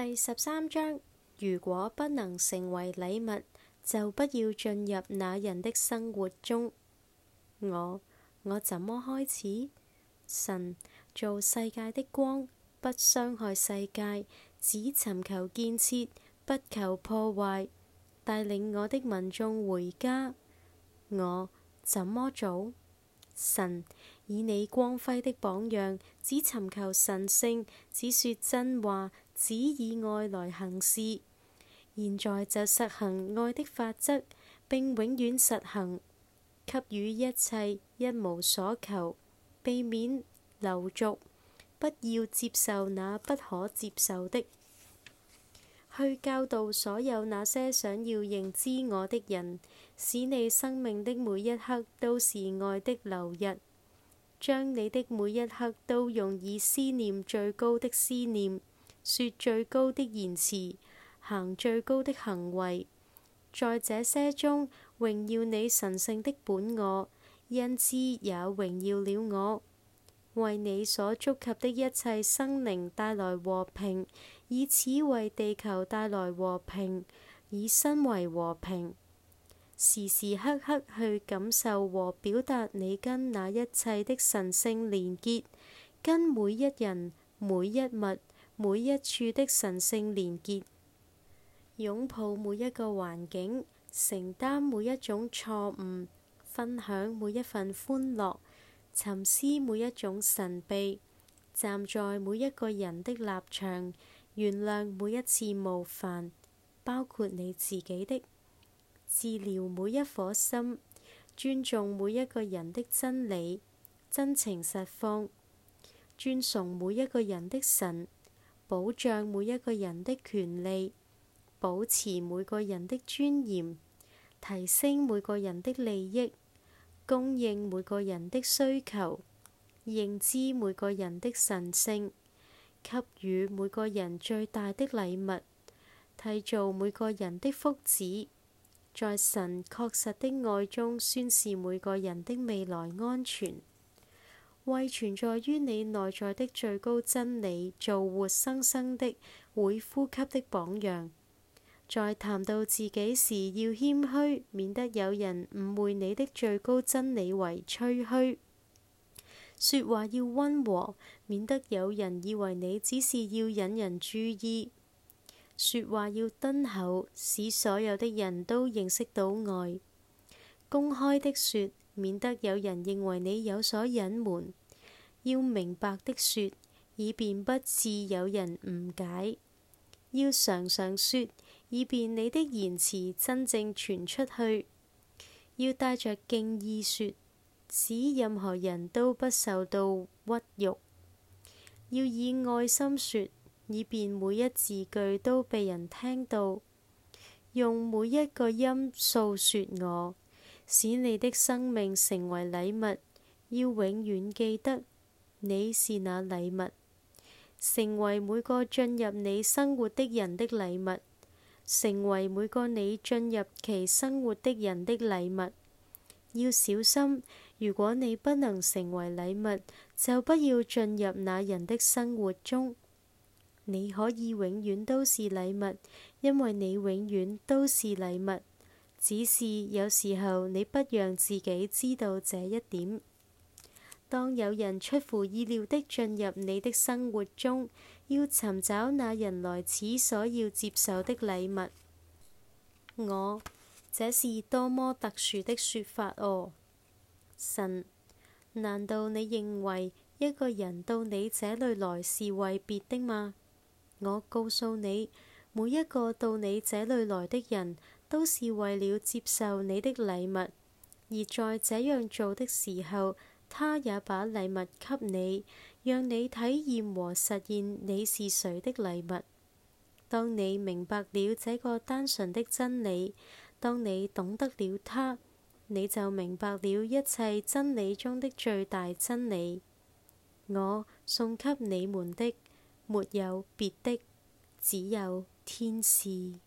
第十三章：如果不能成為禮物，就不要進入那人的生活中。我，我怎麼開始？神，做世界的光，不傷害世界，只尋求建設，不求破壞，帶領我的民眾回家。我怎麼做？神。以你光輝的榜樣，只尋求神聖，只說真話，只以愛來行事。現在就實行愛的法則，並永遠實行給予一切，一無所求，避免流俗，不要接受那不可接受的。去教導所有那些想要認知我的人，使你生命的每一刻都是愛的流溢。將你的每一刻都用以思念最高的思念，説最高的言辭，行最高的行為，在這些中榮耀你神聖的本我，因之也榮耀了我，為你所觸及的一切生靈帶來和平，以此為地球帶來和平，以身為和平。時時刻刻去感受和表達你跟那一切的神聖連結，跟每一人、每一物、每一處的神聖連結，擁抱每一個環境，承擔每一種錯誤，分享每一份歡樂，沉思每一種神秘，站在每一個人的立場，原諒每一次冒犯，包括你自己的。治療每一顆心，尊重每一個人的真理、真情實況，尊崇每一個人的神，保障每一個人的權利，保持每個人的尊嚴，提升每個人的利益，供應每個人的需求，認知每個人的神聖，給予每個人最大的禮物，締造每個人的福祉。在神確實的愛中宣示每個人的未來安全，為存在於你內在的最高真理做活生生的會呼吸的榜樣。在談到自己時要謙虛，免得有人誤會你的最高真理為吹噓。說話要溫和，免得有人以為你只是要引人注意。說話要敦厚，使所有的人都認識到愛。公開的說，免得有人認為你有所隱瞞；要明白的說，以便不致有人誤解；要常常說，以便你的言辭真正傳出去；要帶着敬意說，使任何人都不受到屈辱；要以愛心說。以便每一字句都被人聽到，用每一個音訴說我，使你的生命成為禮物。要永遠記得你是那禮物，成為每個進入你生活的人的禮物，成為每個你進入其生活的人的禮物。要小心，如果你不能成為禮物，就不要進入那人的生活中。你可以永遠都是禮物，因為你永遠都是禮物。只是有時候你不讓自己知道這一點。當有人出乎意料的進入你的生活中，要尋找那人來此所要接受的禮物。我，這是多麼特殊的說法哦。神，難道你認為一個人到你這裏來是為別的嗎？我告訴你，每一個到你這裏來的人，都是為了接受你的禮物。而在這樣做的時候，他也把禮物給你，讓你體驗和實現你是誰的禮物。當你明白了這個單純的真理，當你懂得了他，你就明白了一切真理中的最大真理。我送給你們的。沒有別的，只有天使。